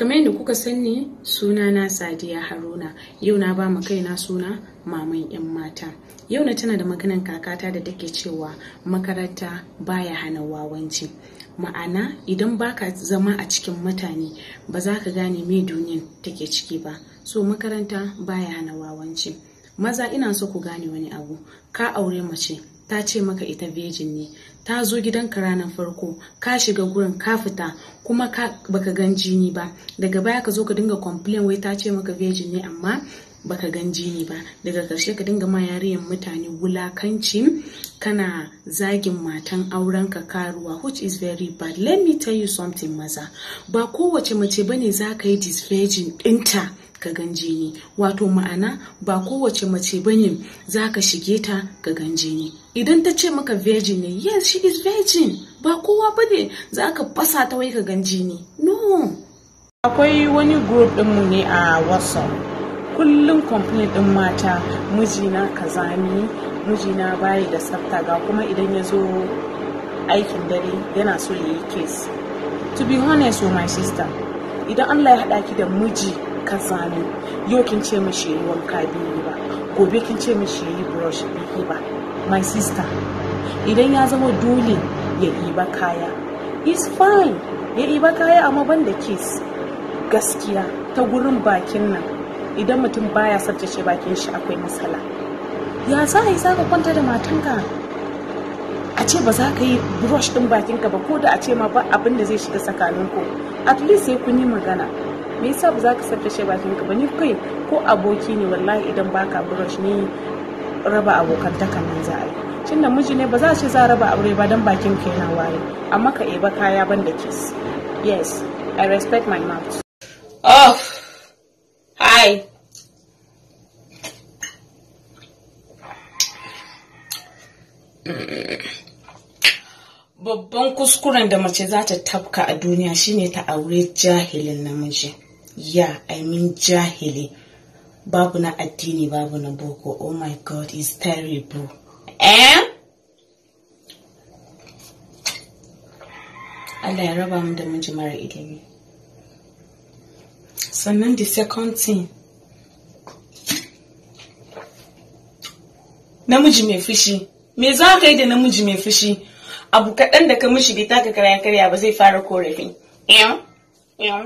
kamar yadda kuka sani suna na sadiya haruna yau na ba mu kaina suna maman yan mata yau na tana da maganan kakata da take cewa makaranta baya hana wawanci ma'ana idan baka zama a cikin mutane ba za ka gane me duniyan take ciki ba so makaranta baya hana wawanci maza ina so ku gane wani abu ka aure mace ta ce maka ita virgin ne ta zo gidanka ranar farko ka shiga gurin ka fita kuma baka gan jini ba daga baya ka zo ka dinga complain wai ta ce maka virgin ne amma baka gan jini ba daga karshe ka dinga ma yariyan mutane wulakanci kana zagin matan aurenka karuwa which is very bad let me tell you something maza ba kowace mace bane za ka yi disvirgin ɗinta ka gan jini wato ma'ana ba kowace mace bane za ka shige ta ka gan jini idan ta ce maka virgin ne yes she is virgin ba kowa bane za ka fasa ta wai ka gan jini no akwai wani group mu ne a whatsapp kullum complain din mata mijina kaza ne mijina bayi da tsafta ga kuma idan ya zo aikin dare yana so ya yi case to be honest with my sister idan allah ya hada ki da miji ka ne yau kin ce mishi yi wanka biyu ba gobe kin ce mishi yi brush biyu ba my sister idan ya zama dole ya iba kaya is fine ya iba kaya amma ban da kes gaskiya ta gurin bakin nan idan mutum baya tsabtace bakin shi akwai matsala ya za a yi za ka kwanta da matanka a ce ba za ka yi brush din bakinka ba ko da a ce ma ba abin da zai shiga tsakaninku at least sai kun yi magana me yasa ba za ka tsaftace bakin ka ba ni kai ko aboki ne wallahi idan baka brush ne raba abokantaka nan za a yi da namiji ne ba za a ce za a raba aure ba dan bakin ka yana waye amma ka eba kaya ban da kiss yes i respect my mouth oh hi babban kuskuren da mace za ta tabka a duniya shine ta aure jahilin namiji yeah i mean jahili babu na addini babu na boko oh my god it's terrible eh Allah ya raba mu da miji mara ilimi sannan the second thing namiji mai fushi me za ka yi da namiji mai fushi abu kaɗan da ka mishi bai taka karya karya ba zai fara korafi eh? Eh?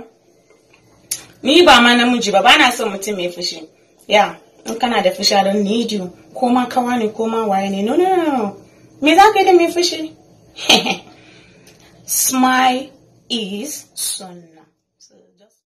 ni ba ma namiji ba bana son mutum mai fushi ya in kana da fushi don need you ko ma kawa ne ko ma waye ne no no no me za ka yi da mai fushi smile is sunna